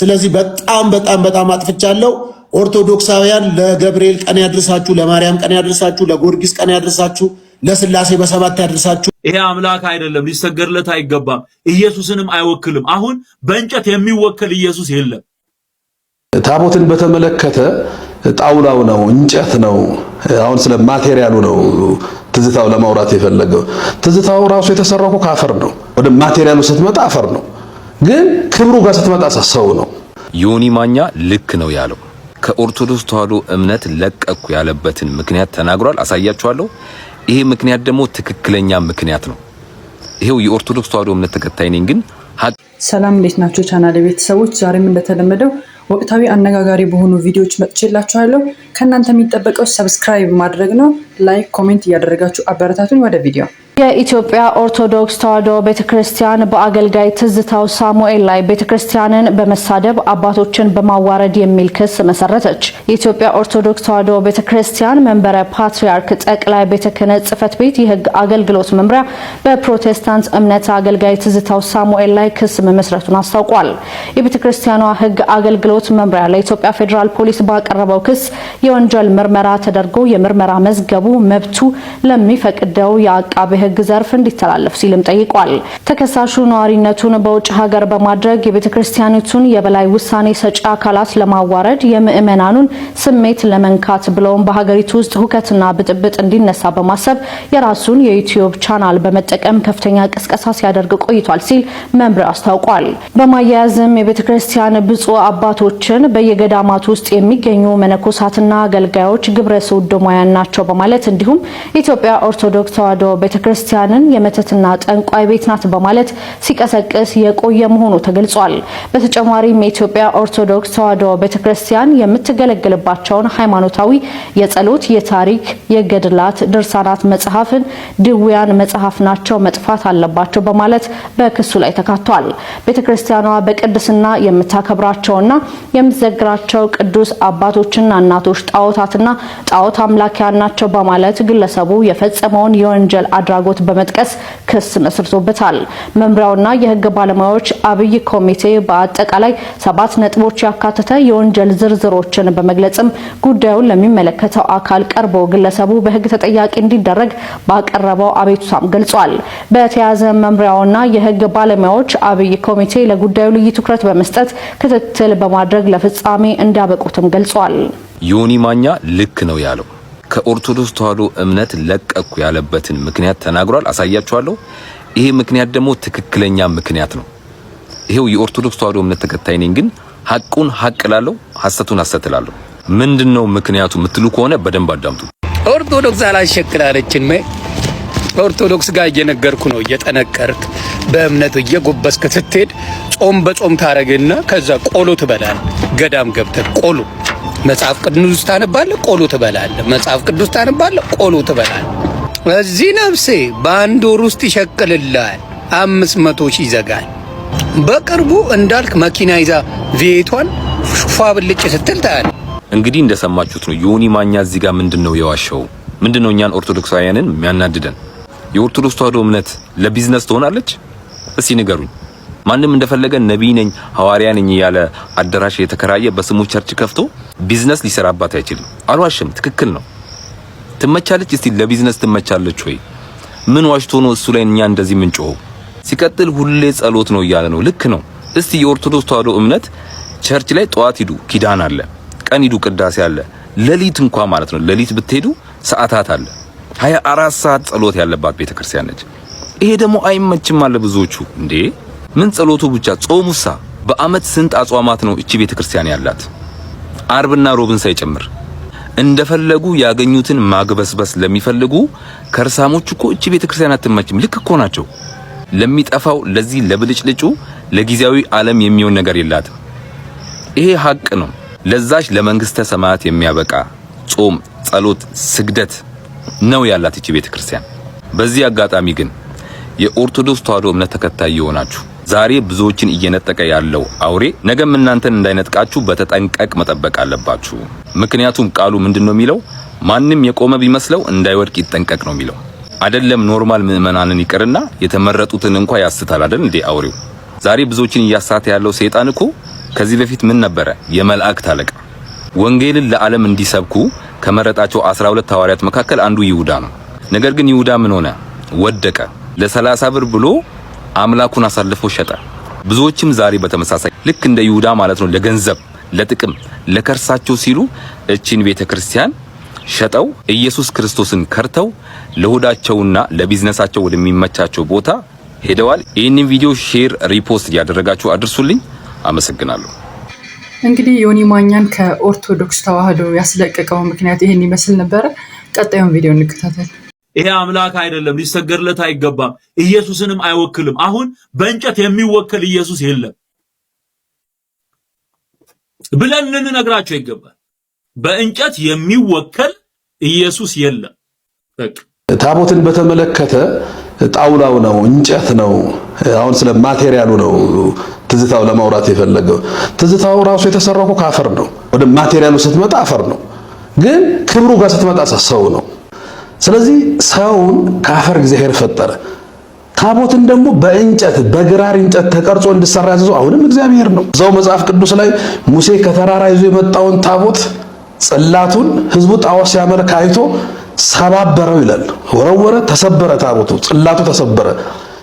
ስለዚህ በጣም በጣም በጣም አጥፍቻለሁ። ኦርቶዶክሳውያን ለገብርኤል ቀን ያድርሳችሁ፣ ለማርያም ቀን ያድርሳችሁ፣ ለጊዮርጊስ ቀን ያድርሳችሁ፣ ለስላሴ በሰባት ያድርሳችሁ። ይሄ አምላክ አይደለም፣ ሊሰገድለት አይገባም። ኢየሱስንም አይወክልም። አሁን በእንጨት የሚወከል ኢየሱስ የለም። ታቦትን በተመለከተ ጣውላው ነው እንጨት ነው። አሁን ስለ ማቴሪያሉ ነው ትዝታው ለማውራት የፈለገው። ትዝታው ራሱ የተሰራው ከአፈር ነው። ወደ ማቴሪያሉ ስትመጣ አፈር ነው። ግን ክብሩ ጋር ስትመጣ ሰው ነው። ዮኒ ማኛ ልክ ነው ያለው ከኦርቶዶክስ ተዋህዶ እምነት ለቀኩ ያለበትን ምክንያት ተናግሯል። አሳያችኋለሁ። ይሄ ምክንያት ደግሞ ትክክለኛ ምክንያት ነው። ይሄው የኦርቶዶክስ ተዋሕዶ እምነት ተከታይ ነኝ ግን ሰላም እንዴት ናቸው? ቻናል ቤተሰቦች፣ ዛሬም እንደተለመደው ወቅታዊ አነጋጋሪ በሆኑ ቪዲዮዎች መጥቼላችኋለሁ። ከእናንተ የሚጠበቀው ሰብስክራይብ ማድረግ ነው። ላይክ ኮሜንት እያደረጋችሁ አበረታቱን። ወደ ቪዲዮ የኢትዮጵያ ኦርቶዶክስ ተዋሕዶ ቤተክርስቲያን በአገልጋይ ትዝታው ሳሙኤል ላይ ቤተክርስቲያንን በመሳደብ አባቶችን በማዋረድ የሚል ክስ መሰረተች። የኢትዮጵያ ኦርቶዶክስ ተዋሕዶ ቤተክርስቲያን መንበረ ፓትርያርክ ጠቅላይ ቤተ ክህነት ጽሕፈት ቤት የሕግ አገልግሎት መምሪያ በፕሮቴስታንት እምነት አገልጋይ ትዝታው ሳሙኤል ላይ ክስ መመስረቱን አስታውቋል። ክርስቲያኗ ሕግ አገልግሎት መምሪያ ለኢትዮጵያ ፌዴራል ፖሊስ ባቀረበው ክስ የወንጀል ምርመራ ተደርጎ የምርመራ መዝገቡ መብቱ ለሚፈቅደው የአቃቤ የሕግ ዘርፍ እንዲተላለፍ ሲልም ጠይቋል። ተከሳሹ ነዋሪነቱን በውጭ ሀገር በማድረግ የቤተ ክርስቲያኒቱን የበላይ ውሳኔ ሰጪ አካላት ለማዋረድ የምእመናኑን ስሜት ለመንካት ብለውም በሀገሪቱ ውስጥ ሁከትና ብጥብጥ እንዲነሳ በማሰብ የራሱን የዩትዩብ ቻናል በመጠቀም ከፍተኛ ቅስቀሳ ሲያደርግ ቆይቷል ሲል መምሪያ አስታውቋል። በማያያዝም የቤተ ክርስቲያን ብፁዕ አባቶችን በየገዳማት ውስጥ የሚገኙ መነኮሳትና አገልጋዮች ግብረ ሰዶማውያን ናቸው በማለት እንዲሁም የኢትዮጵያ ኦርቶዶክስ ተዋሕዶ ቤተ ክርስቲያንን የመተትና ጠንቋይ ቤት ናት በማለት ሲቀሰቅስ የቆየ መሆኑ ተገልጿል። በተጨማሪም የኢትዮጵያ ኦርቶዶክስ ተዋሕዶ ቤተክርስቲያን የምትገለገልባቸውን ሃይማኖታዊ የጸሎት፣ የታሪክ፣ የገድላት ድርሳናት መጽሐፍን ድውያን መጽሐፍ ናቸው፣ መጥፋት አለባቸው በማለት በክሱ ላይ ተካቷል። ቤተክርስቲያኗ በቅድስና የምታከብራቸውና የምትዘግራቸው ቅዱስ አባቶችና እናቶች ጣዖታትና ጣዖት አምላኪያን ናቸው በማለት ግለሰቡ የፈጸመውን የወንጀል አድራ ፍላጎት በመጥቀስ ክስ መስርቶበታል። መምሪያውና የህግ ባለሙያዎች አብይ ኮሚቴ በአጠቃላይ ሰባት ነጥቦች ያካተተ የወንጀል ዝርዝሮችን በመግለጽም ጉዳዩን ለሚመለከተው አካል ቀርቦ ግለሰቡ በህግ ተጠያቂ እንዲደረግ ባቀረበው አቤቱታም ገልጿል። በተያያዘ መምሪያውና የህግ ባለሙያዎች አብይ ኮሚቴ ለጉዳዩ ልዩ ትኩረት በመስጠት ክትትል በማድረግ ለፍጻሜ እንዳበቁትም ገልጿል። ዮኒ ማኛ ልክ ነው ያለው ከኦርቶዶክስ ተዋሕዶ እምነት ለቀኩ ያለበትን ምክንያት ተናግሯል። አሳያችኋለሁ። ይሄ ምክንያት ደግሞ ትክክለኛ ምክንያት ነው። ይሄው የኦርቶዶክስ ተዋሕዶ እምነት ተከታይ ነኝ፣ ግን ሐቁን ሐቅ እላለሁ፣ ሐሰቱን ሐሰት እላለሁ። ምንድነው ምክንያቱ የምትሉ ከሆነ በደንብ አዳምጡ። ኦርቶዶክስ አላሸክላለችን ኦርቶዶክስ ጋር እየነገርኩ ነው። እየጠነቀርክ በእምነት እየጎበስክ ስትሄድ ጾም በጾም ታረግና ከዛ ቆሎ ትበላል። ገዳም ገብተ ቆሎ መጽሐፍ ቅዱስ ታነባለ፣ ቆሎ ትበላለህ። መጽሐፍ ቅዱስ ታነባለ፣ ቆሎ ትበላለህ። እዚህ ነፍሴ በአንድ ወር ውስጥ ይሸቅልልሃል፣ አምስት መቶ ሺህ ይዘጋል። በቅርቡ እንዳልክ መኪና ይዛ ቤቷን ሹፋ ብልጭ ስትል ታያለህ። እንግዲህ እንደሰማችሁት ነው ዮኒ ማኛ እዚህ ጋር ምንድን ነው የዋሸው? ምንድን ነው እኛን ኦርቶዶክሳውያንን የሚያናድደን? የኦርቶዶክስ ተዋህዶ እምነት ለቢዝነስ ትሆናለች? እስቲ ንገሩኝ። ማንም እንደፈለገ ነቢይ ነኝ ሐዋርያ ነኝ እያለ አዳራሽ የተከራየ በስሙ ቸርች ከፍቶ ቢዝነስ ሊሰራባት አይችልም። አልዋሽም፣ ትክክል ነው። ትመቻለች። እስቲ ለቢዝነስ ትመቻለች ወይ? ምን ዋሽቶ ነው እሱ ላይ እኛ እንደዚህ ምን ጮኸው? ሲቀጥል ሁሌ ጸሎት ነው እያለ ነው። ልክ ነው። እስቲ የኦርቶዶክስ ተዋህዶ እምነት ቸርች ላይ ጠዋት ሂዱ ኪዳን አለ፣ ቀን ሂዱ ቅዳሴ አለ፣ ሌሊት እንኳ ማለት ነው ሌሊት ብትሄዱ ሰዓታት አለ። ሀያ አራት ሰዓት ጸሎት ያለባት ቤተክርስቲያን ነች። ይሄ ደግሞ አይመችም አለ ብዙዎቹ እንዴ ምን ጸሎቱ ብቻ ጾሙሳ? በአመት ስንት አጽዋማት ነው እቺ ቤተ ክርስቲያን ያላት? አርብና ሮብን ሳይጨምር እንደፈለጉ ያገኙትን ማግበስበስ ለሚፈልጉ ከርሳሞች እኮ እቺ ቤተ ክርስቲያን አትመችም። ልክ እኮ ናቸው። ለሚጠፋው ለዚህ ለብልጭልጩ ለጊዜያዊ ዓለም የሚሆን ነገር የላትም። ይሄ ሀቅ ነው። ለዛች ለመንግስተ ሰማያት የሚያበቃ ጾም፣ ጸሎት፣ ስግደት ነው ያላት እቺ ቤተ ክርስቲያን። በዚህ አጋጣሚ ግን የኦርቶዶክስ ተዋህዶ እምነት ተከታይ የሆናችሁ ዛሬ ብዙዎችን እየነጠቀ ያለው አውሬ ነገም እናንተን እንዳይነጥቃችሁ በተጠንቀቅ መጠበቅ አለባችሁ። ምክንያቱም ቃሉ ምንድን ነው የሚለው? ማንም የቆመ ቢመስለው እንዳይወድቅ ይጠንቀቅ ነው የሚለው። አይደለም ኖርማል ምዕመናንን ይቅርና የተመረጡትን እንኳ ያስታል አይደል እንዴ አውሬው። ዛሬ ብዙዎችን እያሳተ ያለው ሰይጣን እኮ ከዚህ በፊት ምን ነበረ? የመላእክት አለቃ ወንጌልን ለዓለም እንዲሰብኩ ከመረጣቸው 12 ሐዋርያት መካከል አንዱ ይሁዳ ነው። ነገር ግን ይሁዳ ምን ሆነ? ወደቀ። ለሰላሳ ብር ብሎ አምላኩን አሳልፎ ሸጠ። ብዙዎችም ዛሬ በተመሳሳይ ልክ እንደ ይሁዳ ማለት ነው ለገንዘብ ለጥቅም ለከርሳቸው ሲሉ እቺን ቤተ ክርስቲያን ሸጠው ኢየሱስ ክርስቶስን ከርተው ለሆዳቸውና ለቢዝነሳቸው ወደሚመቻቸው ቦታ ሄደዋል። ይህንን ቪዲዮ ሼር፣ ሪፖስት እያደረጋችሁ አድርሱልኝ። አመሰግናለሁ። እንግዲህ ዮኒ ማኛን ከኦርቶዶክስ ተዋህዶ ያስለቀቀው ምክንያት ይህን ይመስል ነበረ። ቀጣዩን ቪዲዮ እንከታተል። ይሄ አምላክ አይደለም፣ ሊሰገድለት አይገባም፣ ኢየሱስንም አይወክልም። አሁን በእንጨት የሚወክል ኢየሱስ የለም ብለን ልንነግራቸው ይገባል። በእንጨት የሚወከል ኢየሱስ የለም። ታቦትን በተመለከተ ጣውላው ነው እንጨት ነው። አሁን ስለ ማቴሪያሉ ነው ትዝታው ለማውራት የፈለገው። ትዝታው ራሱ የተሰራው ከአፈር ነው። ወደ ማቴሪያሉ ስትመጣ አፈር ነው፣ ግን ክብሩ ጋር ስትመጣ ሰው ነው። ስለዚህ ሰውን ከአፈር እግዚአብሔር ፈጠረ። ታቦትን ደግሞ በእንጨት በግራር እንጨት ተቀርጾ እንዲሰራ ያዘዘው አሁንም እግዚአብሔር ነው። እዛው መጽሐፍ ቅዱስ ላይ ሙሴ ከተራራ ይዞ የመጣውን ታቦት ጽላቱን ህዝቡ ጣዖት ሲያመልክ አይቶ ሰባበረው ይላል። ወረወረ፣ ተሰበረ፣ ታቦቱ ጽላቱ ተሰበረ።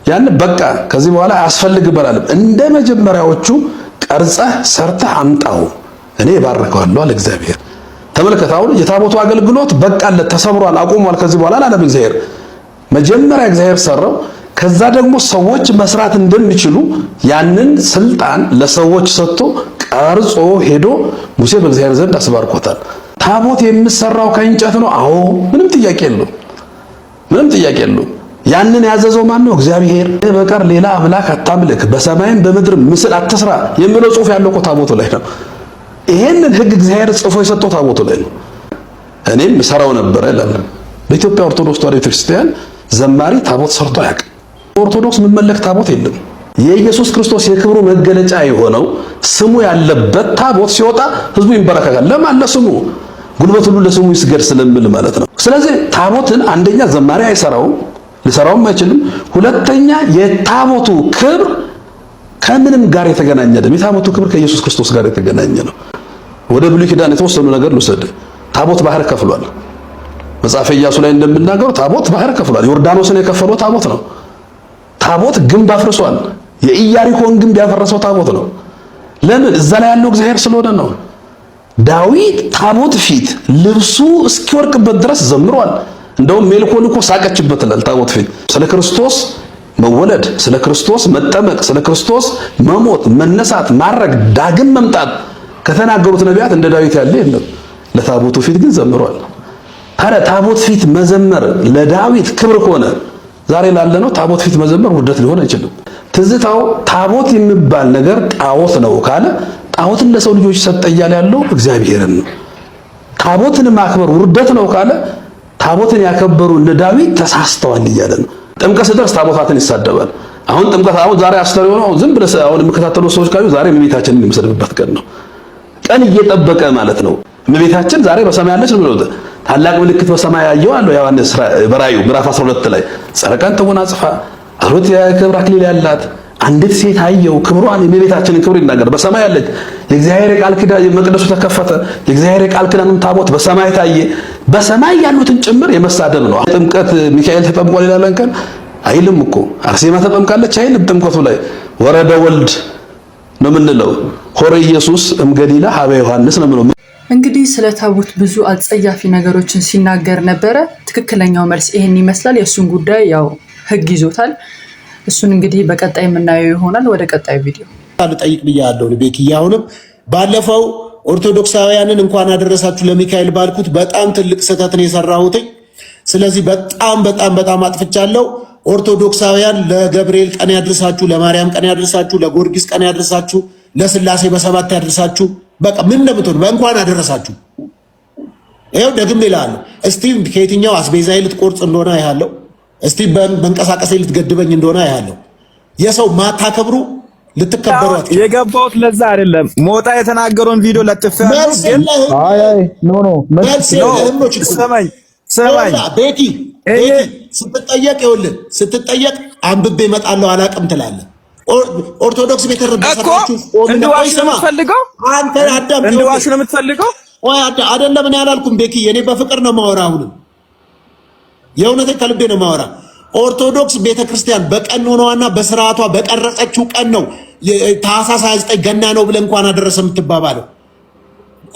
ያን በቃ ከዚህ በኋላ አያስፈልግም አላለም። እንደ መጀመሪያዎቹ ቀርጸህ ሰርተህ አምጣው፣ እኔ ባርከዋለሁ አለ እግዚአብሔር። ተመልከት። አሁን የታቦቱ አገልግሎት በቃለት ተሰብሯል፣ አቁሟል። ከዚህ በኋላ አላለም እግዚአብሔር። መጀመሪያ እግዚአብሔር ሰራው። ከዛ ደግሞ ሰዎች መስራት እንደሚችሉ ያንን ስልጣን ለሰዎች ሰጥቶ ቀርጾ ሄዶ ሙሴ በእግዚአብሔር ዘንድ አስባርኮታል። ታቦት የሚሰራው ከእንጨት ነው። አዎ ምንም ጥያቄ የለው፣ ምንም ጥያቄ የለው። ያንን ያዘዘው ማን ነው? እግዚአብሔር። በቀር ሌላ አምላክ አታምልክ፣ በሰማይም በምድርም ምስል አትስራ የሚለው ጽሑፍ ያለው እኮ ታቦቱ ላይ ነው። ይሄንን ህግ እግዚአብሔር ጽፎ የሰጠው ታቦቱ ላይ ነው። እኔም ሰራው ነበረ ይላል። በኢትዮጵያ ኦርቶዶክስ ተዋሕዶ ቤተክርስቲያን ዘማሪ ታቦት ሰርቶ አያውቅም። ኦርቶዶክስ የሚመለክ ታቦት የለም። የኢየሱስ ክርስቶስ የክብሩ መገለጫ የሆነው ስሙ ያለበት ታቦት ሲወጣ ህዝቡ ይንበረከካል። ለማን? ለስሙ። ጉልበት ሁሉ ለስሙ ይስገድ ስለምል ማለት ነው። ስለዚህ ታቦትን አንደኛ ዘማሪ አይሰራውም፣ ሊሰራውም አይችልም። ሁለተኛ የታቦቱ ክብር ከምንም ጋር የተገናኘ አይደለም። የታቦቱ ክብር ከኢየሱስ ክርስቶስ ጋር የተገናኘ ነው። ወደ ብሉይ ኪዳን የተወሰኑ ነገር ልውሰድ። ታቦት ባህር ከፍሏል። መጽሐፈ ኢያሱ ላይ እንደምናገሩ ታቦት ባህር ከፍሏል። ዮርዳኖስን የከፈለው ታቦት ነው። ታቦት ግንብ አፍርሷል። የኢያሪኮን ግንብ ያፈረሰው ታቦት ነው። ለምን? እዛ ላይ ያለው እግዚአብሔር ስለሆነ ነው። ዳዊት ታቦት ፊት ልብሱ እስኪወርቅበት ድረስ ዘምሯል። እንደውም ሜልኮን እኮ ሳቀችበት ይላል። ታቦት ፊት ስለ ክርስቶስ መወለድ፣ ስለ ክርስቶስ መጠመቅ፣ ስለ ክርስቶስ መሞት፣ መነሳት፣ ማረግ፣ ዳግም መምጣት ከተናገሩት ነቢያት እንደ ዳዊት ያለ የለም። ለታቦቱ ፊት ግን ዘምሯል። ታዲያ ታቦት ፊት መዘመር ለዳዊት ክብር ከሆነ ዛሬ ላለ ነው ታቦት ፊት መዘመር ውርደት ሊሆን አይችልም። ትዝታው ታቦት የሚባል ነገር ጣዖት ነው ካለ ጣዖትን ለሰው ልጆች ሰጠ እያለ ያለው እግዚአብሔርን ነው። ታቦትን ማክበር ውርደት ነው ካለ ታቦትን ያከበሩ እነ ዳዊት ተሳስተዋል እያለ ነው። ጥምቀት ሲደርስ ታቦታትን ይሳደባል። አሁን ጥምቀት አሁን ዛሬ አስተሪ ሆኖ ዝም ብለህ አሁን የሚከታተሉ ሰዎች ካዩ ዛሬ እመቤታችንን የሚሰድብበት ቀን ነው። ቀን እየጠበቀ ማለት ነው። እመቤታችን ዛሬ በሰማይ ያለች ነው። ብለው ታላቅ ምልክት በሰማይ ያየው አለ ዮሐንስ በራዩ ምዕራፍ 12 ላይ ጸረቀን ቀን ተጎናጽፋ አሮት የክብር አክሊል ያላት አንዲት ሴት አየው። ክብሯን የእመቤታችንን ክብር ይናገር። በሰማይ ያለች የእግዚአብሔር ቃል ኪዳን መቅደሱ ተከፈተ። የእግዚአብሔር ቃል ኪዳኑን ታቦት በሰማይ ታየ። በሰማይ ያሉትን ጭምር የመሳደብ ነው። ጥምቀት ሚካኤል ተጠምቋል ይላለን ቀን አይልም እኮ አርሴማ ተጠምቃለች አይልም። ጥምቀቱ ላይ ወረደ ወልድ ነው የምንለው። ሆረ ኢየሱስ እምገሊላ ሀበ ዮሐንስ ነው የምንለው። እንግዲህ ስለ ታቦት ብዙ አጸያፊ ነገሮችን ሲናገር ነበረ። ትክክለኛው መልስ ይሄን ይመስላል። የእሱን ጉዳይ ያው ህግ ይዞታል። እሱን እንግዲህ በቀጣይ የምናየው ይሆናል። ወደ ቀጣይ ቪዲዮ ልጠይቅ ብያለሁ። ቤኪ አሁንም ባለፈው ኦርቶዶክሳውያንን እንኳን አደረሳችሁ ለሚካኤል ባልኩት በጣም ትልቅ ስህተትን የሰራሁትኝ። ስለዚህ በጣም በጣም በጣም አጥፍቻለሁ። ኦርቶዶክሳውያን ለገብርኤል ቀን ያድርሳችሁ፣ ለማርያም ቀን ያድርሳችሁ፣ ለጊዮርጊስ ቀን ያድርሳችሁ፣ ለስላሴ በሰባት ያድርሳችሁ። በቃ ምን እንደምትሆን በእንኳን አደረሳችሁ። ይኸው ደግሜ እልሃለሁ። እስቲ ከየትኛው አስቤዛዬ ልትቆርጽ እንደሆነ አይሃለሁ። እስቲ መንቀሳቀሴ ልትገድበኝ እንደሆነ አይሃለሁ። የሰው ማታከብሩ ልትከበሯት የገባሁት ለዛ አይደለም። ሞጣ የተናገረውን ቪዲዮ ለጥፍ ያለው ግን አይ አይ ኖ ኖ መልስ ሰማኝ ቤቲ ስትጠየቅ ይኸውልህ ስትጠየቅ አንብቤ እመጣለሁ አላውቅም ትላለህ። ኦርቶዶክስ ቤተረዳሳችሁ አይደለም። እኔ አላልኩም እኔ በፍቅር ነው አሁንም የእውነት ከልቤ ነው ኦርቶዶክስ ቤተክርስቲያን በቀኖናዋና በስርዓቷ በቀረጸችው ቀን ነው ታኅሳስ 29 ገና ነው ብለህ እንኳን አደረሰ የምትባባለው።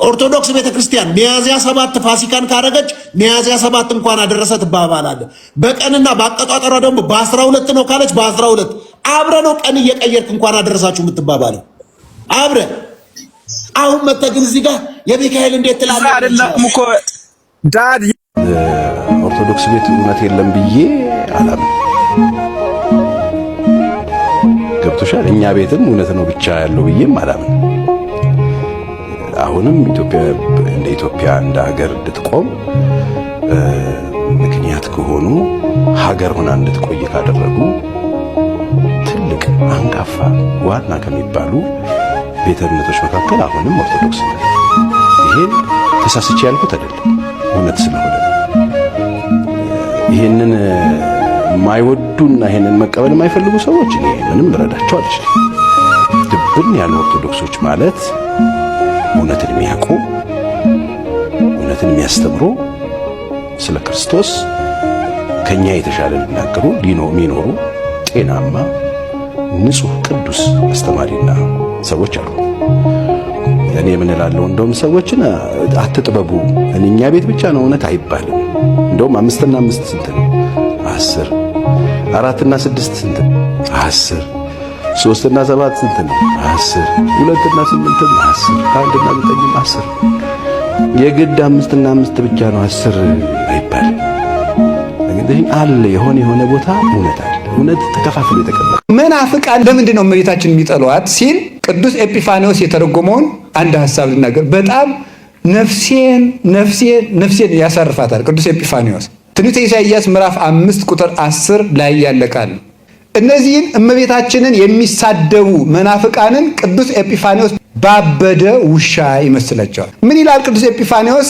ኦርቶዶክስ ቤተ ክርስቲያን ሚያዝያ ሰባት ፋሲካን ካረገች ሚያዝያ ሰባት እንኳን አደረሰ ትባባላለ። በቀንና በአቀጣጠሯ ደግሞ በአስራ ሁለት ነው ካለች በአስራ ሁለት አብረ ነው ቀን እየቀየርክ እንኳን አደረሳችሁ የምትባባለው አብረ። አሁን መተህ ግን እዚህ ጋር የሚካኤል እንዴት ትላለህ? እኮ ዳድ ኦርቶዶክስ ቤት እውነት የለም ብዬ አላም ገብቶሻል። እኛ ቤትም እውነት ነው ብቻ ያለው ብዬም አላምን። አሁንም ኢትዮጵያ እንደ ኢትዮጵያ እንደ ሀገር እንድትቆም ምክንያት ከሆኑ ሀገር ሆና እንድትቆይ ካደረጉ ትልቅ አንጋፋ ዋና ከሚባሉ ቤተ እምነቶች መካከል አሁንም ኦርቶዶክስ ነው። ይሄን ተሳስቼ ያልኩት አይደለም፣ እውነት ስለሆነ ይሄንን የማይወዱና ይሄንን መቀበል የማይፈልጉ ሰዎች እኔ ምንም ልረዳቸው አልችልም። ድብን ያሉ ኦርቶዶክሶች ማለት እውነትን የሚያውቁ እውነትን የሚያስተምሩ ስለ ክርስቶስ ከኛ የተሻለ ሊናገሩ የሚኖሩ ጤናማ ንጹህ ቅዱስ አስተማሪና ሰዎች አሉ። እኔ የምንላለው እንደውም ሰዎችን አትጥበቡ እኛ ቤት ብቻ ነው እውነት አይባልም። እንደውም አምስትና አምስት ስንት ነው? አስር አራትና ስድስት ስንት ነው? አስር ሶስትና ሰባት ስንት ነው? አስር ሁለትና ስምንት ነው? አስር አንድና ዘጠኝ አስር። የግድ አምስትና አምስት ብቻ ነው አስር አይባልም። እንግዲህ አለ የሆነ የሆነ ቦታ እውነት አለ። እውነት ተከፋፍሎ የተቀመጠ መናፍቃን ለምንድን ነው እመቤታችን የሚጠሏት ሲል ቅዱስ ኤጲፋንዮስ የተረጎመውን አንድ ሐሳብ ልናገር። በጣም ነፍሴን ነፍሴን ነፍሴን ያሳርፋታል ቅዱስ ኤጲፋንዮስ ትንቢተ ኢሳይያስ ምዕራፍ አምስት ቁጥር አስር ላይ ያለቃል እነዚህን እመቤታችንን የሚሳደቡ መናፍቃንን ቅዱስ ኤጲፋኒዎስ ባበደ ውሻ ይመስላቸዋል። ምን ይላል ቅዱስ ኤጲፋኒዎስ?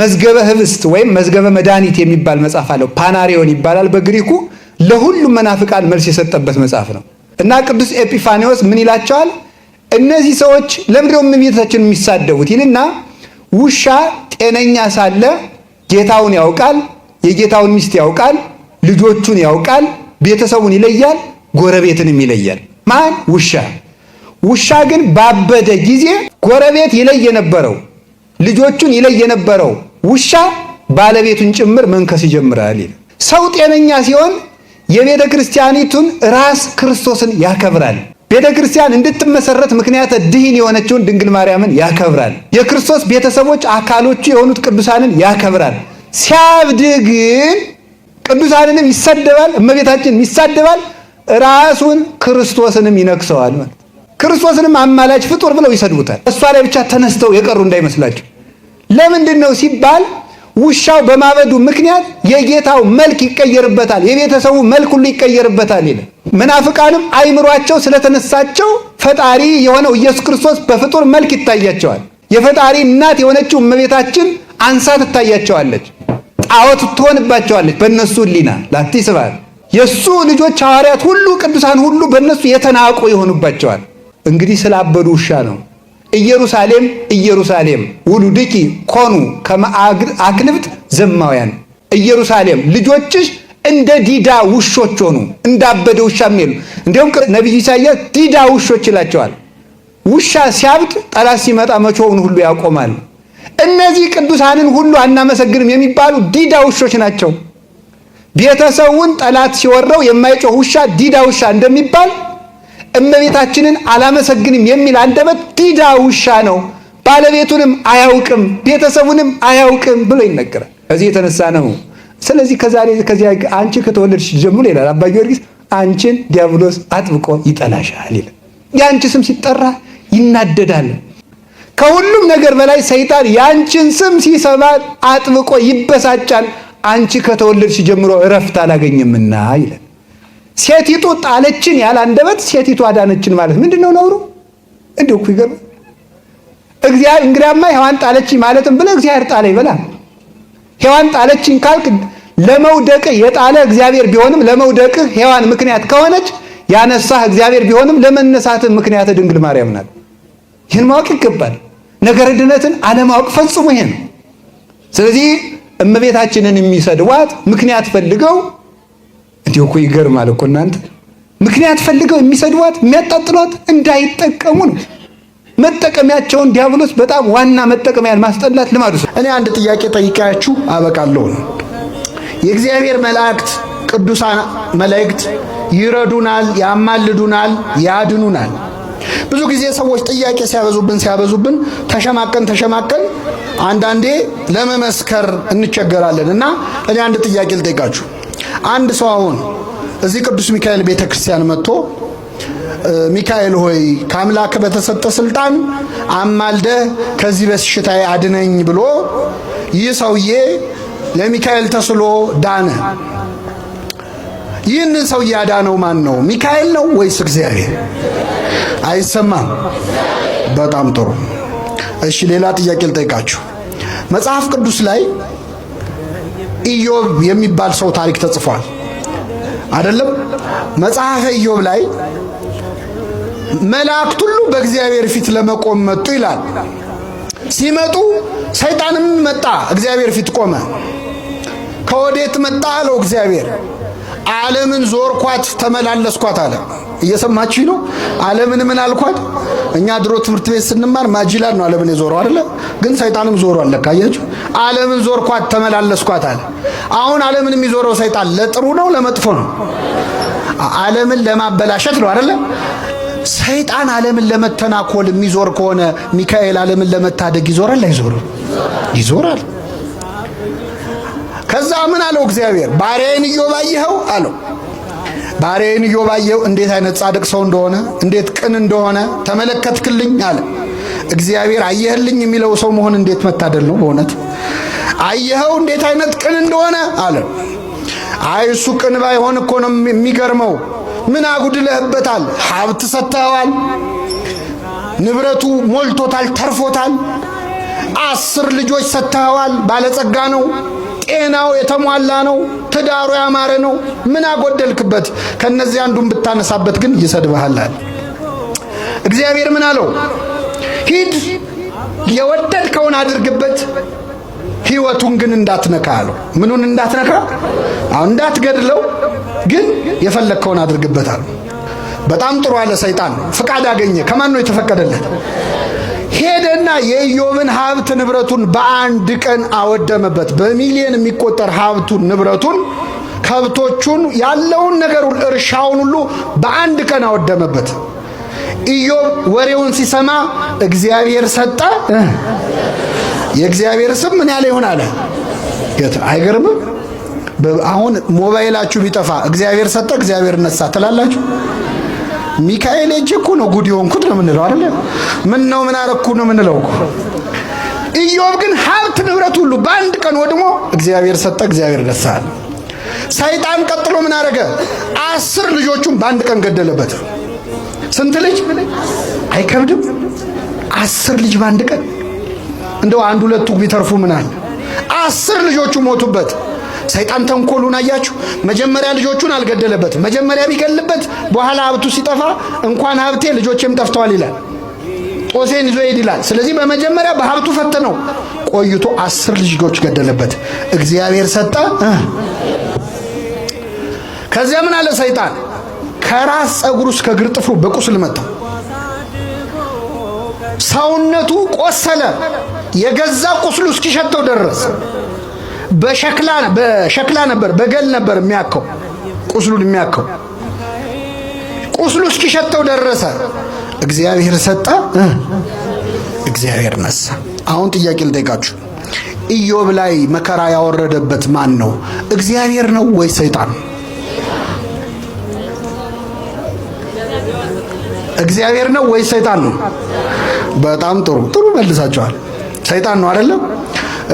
መዝገበ ህብስት ወይም መዝገበ መድኃኒት የሚባል መጽሐፍ አለው። ፓናሪዮን ይባላል በግሪኩ። ለሁሉም መናፍቃን መልስ የሰጠበት መጽሐፍ ነው እና ቅዱስ ኤጲፋኒዎስ ምን ይላቸዋል? እነዚህ ሰዎች ለምንድነው እመቤታችን የሚሳደቡት ይልና ውሻ ጤነኛ ሳለ ጌታውን ያውቃል፣ የጌታውን ሚስት ያውቃል፣ ልጆቹን ያውቃል ቤተሰቡን ይለያል፣ ጎረቤትንም ይለያል። ማን ውሻ ውሻ ግን ባበደ ጊዜ ጎረቤት ይለይ የነበረው ልጆቹን ይለይ የነበረው ውሻ ባለቤቱን ጭምር መንከስ ይጀምራል። ሰው ጤነኛ ሲሆን የቤተ ክርስቲያኒቱን ራስ ክርስቶስን ያከብራል። ቤተ ክርስቲያን እንድትመሰረት ምክንያተ ድህን የሆነችውን ድንግል ማርያምን ያከብራል። የክርስቶስ ቤተሰቦች አካሎቹ የሆኑት ቅዱሳንን ያከብራል። ሲያብድ ግን ቅዱሳንንም ይሳደባል፣ እመቤታችንም ይሳደባል፣ ራሱን ክርስቶስንም ይነክሰዋል። ማለት ክርስቶስንም አማላች ፍጡር ብለው ይሰድቡታል። እሷ ላይ ብቻ ተነስተው የቀሩ እንዳይመስላቸው። ለምንድን ነው ሲባል ውሻው በማበዱ ምክንያት የጌታው መልክ ይቀየርበታል፣ የቤተሰቡ መልክ ሁሉ ይቀየርበታል ይላል። መናፍቃንም አይምሯቸው ስለተነሳቸው ፈጣሪ የሆነው ኢየሱስ ክርስቶስ በፍጡር መልክ ይታያቸዋል። የፈጣሪ እናት የሆነችው እመቤታችን አንሳ ትታያቸዋለች። ጣዖት ትሆንባቸዋለች በእነሱ ሊና ላቲ ስባል የእሱ ልጆች ሐዋርያት ሁሉ ቅዱሳን ሁሉ በእነሱ የተናቁ ይሆኑባቸዋል። እንግዲህ ስላበዱ ውሻ ነው። ኢየሩሳሌም ኢየሩሳሌም ውሉድኪ ኮኑ ከመ አክልብት ዘማውያን፣ ኢየሩሳሌም ልጆችሽ እንደ ዲዳ ውሾች ሆኑ፣ እንዳበደ ውሻ የሚሉ እንዲሁም ነቢዩ ኢሳያስ ዲዳ ውሾች ይላቸዋል። ውሻ ሲያብድ ጠላት ሲመጣ መቼውን ሁሉ ያቆማል። እነዚህ ቅዱሳንን ሁሉ አናመሰግንም የሚባሉ ዲዳ ውሾች ናቸው። ቤተሰቡን ጠላት ሲወረው የማይጮህ ውሻ ዲዳ ውሻ እንደሚባል እመቤታችንን አላመሰግንም የሚል አንደበት ዲዳ ውሻ ነው። ባለቤቱንም አያውቅም ቤተሰቡንም አያውቅም ብሎ ይነገራል። ከዚህ የተነሳ ነው። ስለዚህ ከዛሬ ከዚያ አንቺ ከተወለድሽ ጀምሮ ይላል አባ ጊዮርጊስ አንቺን ዲያብሎስ አጥብቆ ይጠላሻል ይላል። የአንቺ ስም ሲጠራ ይናደዳል። ከሁሉም ነገር በላይ ሰይጣን ያንቺን ስም ሲሰማ አጥብቆ ይበሳጫል። አንቺ ከተወለድሽ ጀምሮ እረፍት አላገኘምና ይለን። ሴቲቱ ጣለችን ያለ አንደበት ሴቲቱ አዳነችን ማለት ምንድን ነው ነውሩ? እንዲሁ እኮ ይገርም። እግዚአብሔር እንግዲያማ ሔዋን ጣለችኝ ማለትም ብለ እግዚአብሔር ጣለ ይበላ ሔዋን ጣለችኝ ካልክ ለመውደቅ የጣለ እግዚአብሔር ቢሆንም ለመውደቅ ሔዋን ምክንያት ከሆነች ያነሳህ እግዚአብሔር ቢሆንም ለመነሳትህ ምክንያት ድንግል ማርያም ናት። ይህን ማወቅ ይገባል። ነገረ ድነትን አለማወቅ ፈጽሞ ይሄ ነው። ስለዚህ እመቤታችንን የሚሰድቧት ምክንያት ፈልገው እንዲሁ እኮ ይገርማል እኮ እናንተ ምክንያት ፈልገው የሚሰድቧት የሚያጣጥሏት እንዳይጠቀሙ ነው። መጠቀሚያቸውን ዲያብሎስ በጣም ዋና መጠቀሚያን ማስጠላት ልማዱ። እኔ አንድ ጥያቄ ጠይቃያችሁ አበቃለሁ። የእግዚአብሔር መላእክት ቅዱሳን መላእክት ይረዱናል፣ ያማልዱናል፣ ያድኑናል ብዙ ጊዜ ሰዎች ጥያቄ ሲያበዙብን ሲያበዙብን ተሸማቀን ተሸማቀን አንዳንዴ ለመመስከር እንቸገራለን እና እኔ አንድ ጥያቄ ልጠይቃችሁ። አንድ ሰው አሁን እዚህ ቅዱስ ሚካኤል ቤተክርስቲያን መጥቶ ሚካኤል ሆይ ከአምላክ በተሰጠ ስልጣን አማልደ ከዚህ በሽታዬ አድነኝ ብሎ ይህ ሰውዬ ለሚካኤል ተስሎ ዳነ። ይህንን ሰውዬ ያዳነው ማን ነው? ሚካኤል ነው ወይስ እግዚአብሔር? አይሰማም? በጣም ጥሩ። እሺ ሌላ ጥያቄ ልጠይቃችሁ። መጽሐፍ ቅዱስ ላይ ኢዮብ የሚባል ሰው ታሪክ ተጽፏል አይደለም? መጽሐፈ ኢዮብ ላይ መላእክት ሁሉ በእግዚአብሔር ፊት ለመቆም መጡ ይላል። ሲመጡ ሰይጣንም መጣ፣ እግዚአብሔር ፊት ቆመ። ከወዴት መጣ አለው እግዚአብሔር ዓለምን ዞርኳት ተመላለስኳት አለ። እየሰማችሁ ነው። ዓለምን ምን አልኳት? እኛ ድሮ ትምህርት ቤት ስንማር ማጅላን ነው ዓለምን የዞረው አይደለ? ግን ሰይጣንም ዞሮ አለካ። አያችሁ? ዓለምን ዞርኳት ተመላለስኳት አለ። አሁን ዓለምን የሚዞረው ሰይጣን ለጥሩ ነው ለመጥፎ ነው? ዓለምን ለማበላሸት ነው አይደለ? ሰይጣን ዓለምን ለመተናኮል የሚዞር ከሆነ ሚካኤል ዓለምን ለመታደግ ይዞራል አይዞርም? ይዞራል። ከዛ ምን አለው እግዚአብሔር ባሪያዬን ኢዮብ አየኸው አለው። ባሪያዬን ኢዮብ አየኸው እንዴት አይነት ጻድቅ ሰው እንደሆነ እንዴት ቅን እንደሆነ ተመለከትክልኝ አለ። እግዚአብሔር አየህልኝ የሚለው ሰው መሆን እንዴት መታደል ነው በእውነት አየኸው እንዴት አይነት ቅን እንደሆነ አለ። አይ እሱ ቅን ባይሆን እኮ ነው የሚገርመው። ምን አጉድለህበታል? ሀብት ሰጥተኸዋል። ንብረቱ ሞልቶታል፣ ተርፎታል። አስር ልጆች ሰጥተኸዋል። ባለጸጋ ነው። ጤናው የተሟላ ነው፣ ትዳሩ ያማረ ነው። ምን አጎደልክበት? ከነዚህ አንዱን ብታነሳበት ግን ይሰድብሃል። እግዚአብሔር ምን አለው? ሂድ የወደድከውን አድርግበት፣ ህይወቱን ግን እንዳትነካ አለው። ምኑን እንዳትነካ? አሁን እንዳትገድለው፣ ግን የፈለግከውን አድርግበት አለው። በጣም ጥሩ አለ ሰይጣን። ፍቃድ አገኘ። ከማን ነው የተፈቀደለት? ሄደና የኢዮብን ሀብት ንብረቱን በአንድ ቀን አወደመበት። በሚሊየን የሚቆጠር ሀብቱን ንብረቱን፣ ከብቶቹን፣ ያለውን ነገር እርሻውን ሁሉ በአንድ ቀን አወደመበት። ኢዮብ ወሬውን ሲሰማ እግዚአብሔር ሰጠ፣ የእግዚአብሔር ስም ምን ያለ ይሆን አለ። አይገርምም? አሁን ሞባይላችሁ ቢጠፋ እግዚአብሔር ሰጠ፣ እግዚአብሔር ነሳ ትላላችሁ። ሚካኤል እጅ እኮ ነው ጉድ የሆንኩት ነው የምንለው አይደለ? ምን ነው ምን አረኩ ነው የምንለው። ኢዮብ ግን ሀብት ንብረት ሁሉ በአንድ ቀን ወድሞ እግዚአብሔር ሰጠ፣ እግዚአብሔር ነሳል። ሰይጣን ቀጥሎ ምን አረገ? አስር ልጆቹን በአንድ ቀን ገደለበት። ስንት ልጅ አይከብድም? አስር ልጅ በአንድ ቀን እንደው አንድ ሁለቱ ቢተርፉ ምናል። አስር ልጆቹ ሞቱበት። ሰይጣን ተንኮሉን አያችሁ። መጀመሪያ ልጆቹን አልገደለበት። መጀመሪያ ቢገልበት በኋላ ሀብቱ ሲጠፋ እንኳን ሀብቴ ልጆቼም ጠፍተዋል ይላል። ጦሴን ይዞ ሄድ ይላል። ስለዚህ በመጀመሪያ በሀብቱ ፈተነው፣ ቆይቶ አስር ልጆች ገደለበት። እግዚአብሔር ሰጠ። ከዚያ ምን አለ ሰይጣን ከራስ ጸጉሩ እስከ እግር ጥፍሩ በቁስል መታው። ሰውነቱ ቆሰለ፣ የገዛ ቁስሉ እስኪሸተው ደረሰ። በሸክላ ነበር በገል ነበር የሚያከው ቁስሉን የሚያከው ቁስሉ እስኪሸጠው ደረሰ። እግዚአብሔር ሰጠ፣ እግዚአብሔር ነሳ። አሁን ጥያቄ ልጠይቃችሁ። ኢዮብ ላይ መከራ ያወረደበት ማን ነው? እግዚአብሔር ነው ወይ ሰይጣን? እግዚአብሔር ነው ወይ ሰይጣን ነው? በጣም ጥሩ ጥሩ መልሳችኋል። ሰይጣን ነው አይደለም?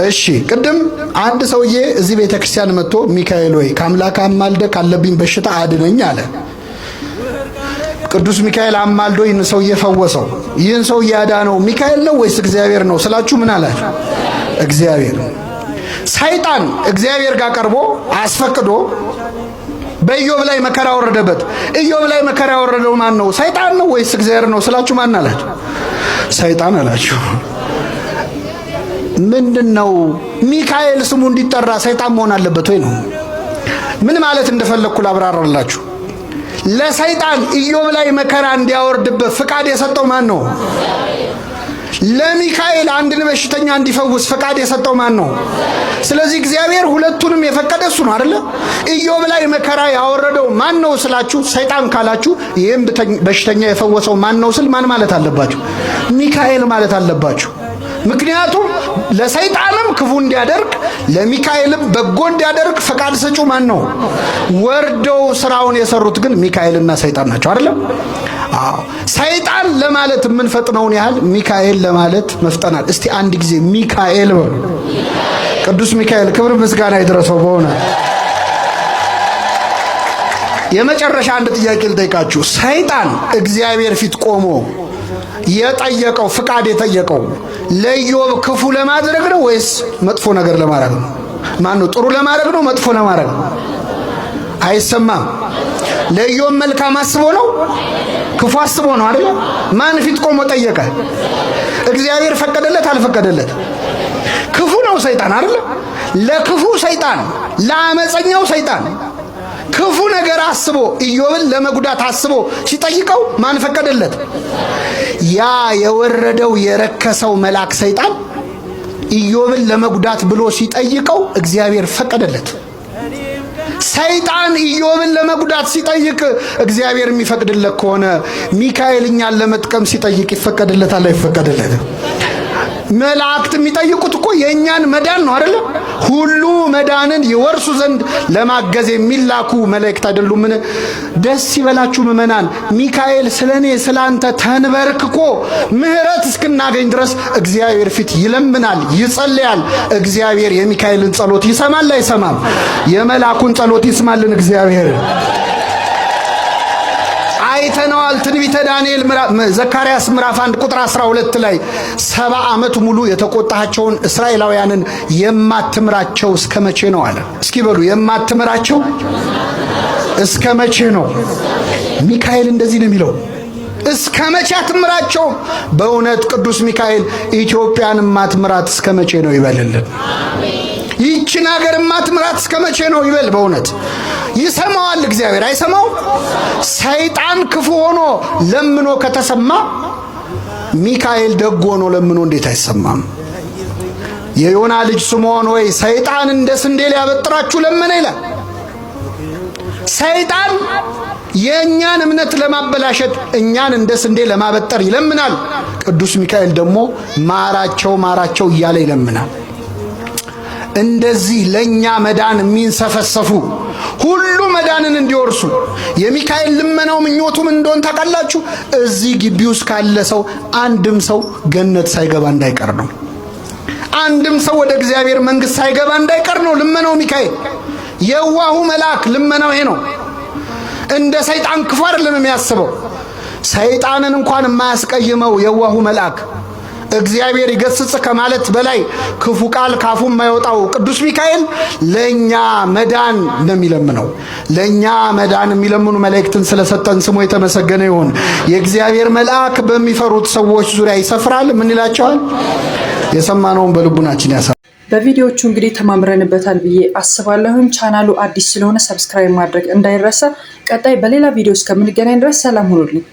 እሺ ቅድም አንድ ሰውዬ እዚህ ቤተ ክርስቲያን መጥቶ ሚካኤል ወይ ከአምላክ አማልደ ካለብኝ በሽታ አድነኝ አለ። ቅዱስ ሚካኤል አማልዶ ይህን ሰውዬ ፈወሰው። ይህን ሰውዬ ያዳነው ሚካኤል ነው ወይስ እግዚአብሔር ነው ስላችሁ ምን አላችሁ? እግዚአብሔር ነው። ሰይጣን እግዚአብሔር ጋር ቀርቦ አስፈቅዶ በኢዮብ ላይ መከራ ወረደበት። ኢዮብ ላይ መከራ ወረደው ማን ነው? ሰይጣን ነው ወይስ እግዚአብሔር ነው ስላችሁ ማን አላችሁ? ሰይጣን አላችሁ። ምንድን ነው ሚካኤል ስሙ እንዲጠራ ሰይጣን መሆን አለበት ወይ ነው? ምን ማለት እንደፈለግኩ ላብራራላችሁ። ለሰይጣን ኢዮብ ላይ መከራ እንዲያወርድበት ፍቃድ የሰጠው ማን ነው? ለሚካኤል አንድን በሽተኛ እንዲፈውስ ፈቃድ የሰጠው ማን ነው? ስለዚህ እግዚአብሔር ሁለቱንም የፈቀደ እሱ ነው አይደለ? ኢዮብ ላይ መከራ ያወረደው ማን ነው ስላችሁ ሰይጣን ካላችሁ ይህም በሽተኛ የፈወሰው ማን ነው ስል ማን ማለት አለባችሁ? ሚካኤል ማለት አለባችሁ። ምክንያቱም ለሰይጣንም ክፉ እንዲያደርግ ለሚካኤልም በጎ እንዲያደርግ ፈቃድ ሰጩ ማን ነው? ወርደው ስራውን የሰሩት ግን ሚካኤልና ሰይጣን ናቸው። አይደለም? አዎ። ሰይጣን ለማለት የምንፈጥነውን ያህል ሚካኤል ለማለት መፍጠናል። እስቲ አንድ ጊዜ ሚካኤል በሉ። ቅዱስ ሚካኤል ክብር ምስጋና ይድረሰው። በሆነ የመጨረሻ አንድ ጥያቄ ልጠይቃችሁ። ሰይጣን እግዚአብሔር ፊት ቆሞ የጠየቀው ፍቃድ የጠየቀው ለኢዮብ ክፉ ለማድረግ ነው ወይስ መጥፎ ነገር ለማድረግ ነው? ማን ነው? ጥሩ ለማድረግ ነው መጥፎ ለማድረግ ነው? አይሰማም። ለኢዮብ መልካም አስቦ ነው ክፉ አስቦ ነው አይደል? ማን ፊት ቆሞ ጠየቀ? እግዚአብሔር ፈቀደለት አልፈቀደለት? ክፉ ነው ሰይጣን አይደል? ለክፉ ሰይጣን፣ ለአመፀኛው ሰይጣን ክፉ ነገር አስቦ ኢዮብን ለመጉዳት አስቦ ሲጠይቀው ማን ፈቀደለት? ያ የወረደው የረከሰው መልአክ ሰይጣን ኢዮብን ለመጉዳት ብሎ ሲጠይቀው እግዚአብሔር ፈቀደለት። ሰይጣን ኢዮብን ለመጉዳት ሲጠይቅ እግዚአብሔር የሚፈቅድለት ከሆነ ሚካኤል እኛን ለመጥቀም ሲጠይቅ ይፈቀድለታል አይፈቀድለትም? መላእክት የሚጠይቁት እኮ የእኛን መዳን ነው አይደለም? ሁሉ መዳንን ይወርሱ ዘንድ ለማገዝ የሚላኩ መላእክት አይደሉምን? ደስ ይበላችሁ ምእመናን። ሚካኤል ስለኔ ስላንተ ተንበርክኮ ምሕረት እስክናገኝ ድረስ እግዚአብሔር ፊት ይለምናል፣ ይጸልያል። እግዚአብሔር የሚካኤልን ጸሎት ይሰማል አይሰማም? የመላኩን ጸሎት ይስማልን እግዚአብሔር አይተነዋል። ትንቢተ ዳንኤል ዘካርያስ ምዕራፍ 1 ቁጥር 12 ላይ ሰባ ዓመት ሙሉ የተቆጣቸውን እስራኤላውያንን የማትምራቸው እስከ መቼ ነው አለ። እስኪ በሉ የማትምራቸው እስከ መቼ ነው? ሚካኤል እንደዚህ ነው የሚለው እስከ መቼ አትምራቸው በእውነት ቅዱስ ሚካኤል ኢትዮጵያን ማትምራት እስከ መቼ ነው ይበልልን። ይችን ሀገር ማትምራት እስከ መቼ ነው ይበል በእውነት ይሰማዋል። እግዚአብሔር አይሰማውም። ሰይጣን ክፉ ሆኖ ለምኖ ከተሰማ ሚካኤል ደግ ሆኖ ለምኖ እንዴት አይሰማም? የዮና ልጅ ስምዖን ወይ ሰይጣን እንደ ስንዴ ሊያበጥራችሁ ለምን ይላል። ሰይጣን የእኛን እምነት ለማበላሸት እኛን እንደ ስንዴ ለማበጠር ይለምናል። ቅዱስ ሚካኤል ደግሞ ማራቸው ማራቸው እያለ ይለምናል። እንደዚህ ለእኛ መዳን የሚንሰፈሰፉ ሁሉ መዳንን እንዲወርሱ የሚካኤል ልመናው ምኞቱም እንደሆን ታውቃላችሁ። እዚህ ግቢ ውስጥ ካለ ሰው አንድም ሰው ገነት ሳይገባ እንዳይቀር ነው። አንድም ሰው ወደ እግዚአብሔር መንግሥት ሳይገባ እንዳይቀር ነው ልመናው። ሚካኤል የዋሁ መልአክ ልመናው ይሄ ነው። እንደ ሰይጣን ክፉ አይደለም የሚያስበው። ሰይጣንን እንኳን የማያስቀይመው የዋሁ መልአክ እግዚአብሔር ይገስጽ ከማለት በላይ ክፉ ቃል ካፉ የማይወጣው ቅዱስ ሚካኤል ለእኛ መዳን ነው የሚለምነው። ለእኛ መዳን የሚለምኑ መላእክትን ስለሰጠን ስሙ የተመሰገነ ይሁን። የእግዚአብሔር መልአክ በሚፈሩት ሰዎች ዙሪያ ይሰፍራል። ምን ይላቸዋል? የሰማነውን በልቡናችን ያሳ በቪዲዮዎቹ እንግዲህ ተማምረንበታል ብዬ አስባለሁኝ። ቻናሉ አዲስ ስለሆነ ሰብስክራይብ ማድረግ እንዳይረሳ። ቀጣይ በሌላ ቪዲዮ እስከምንገናኝ ድረስ ሰላም ሁኑልኝ።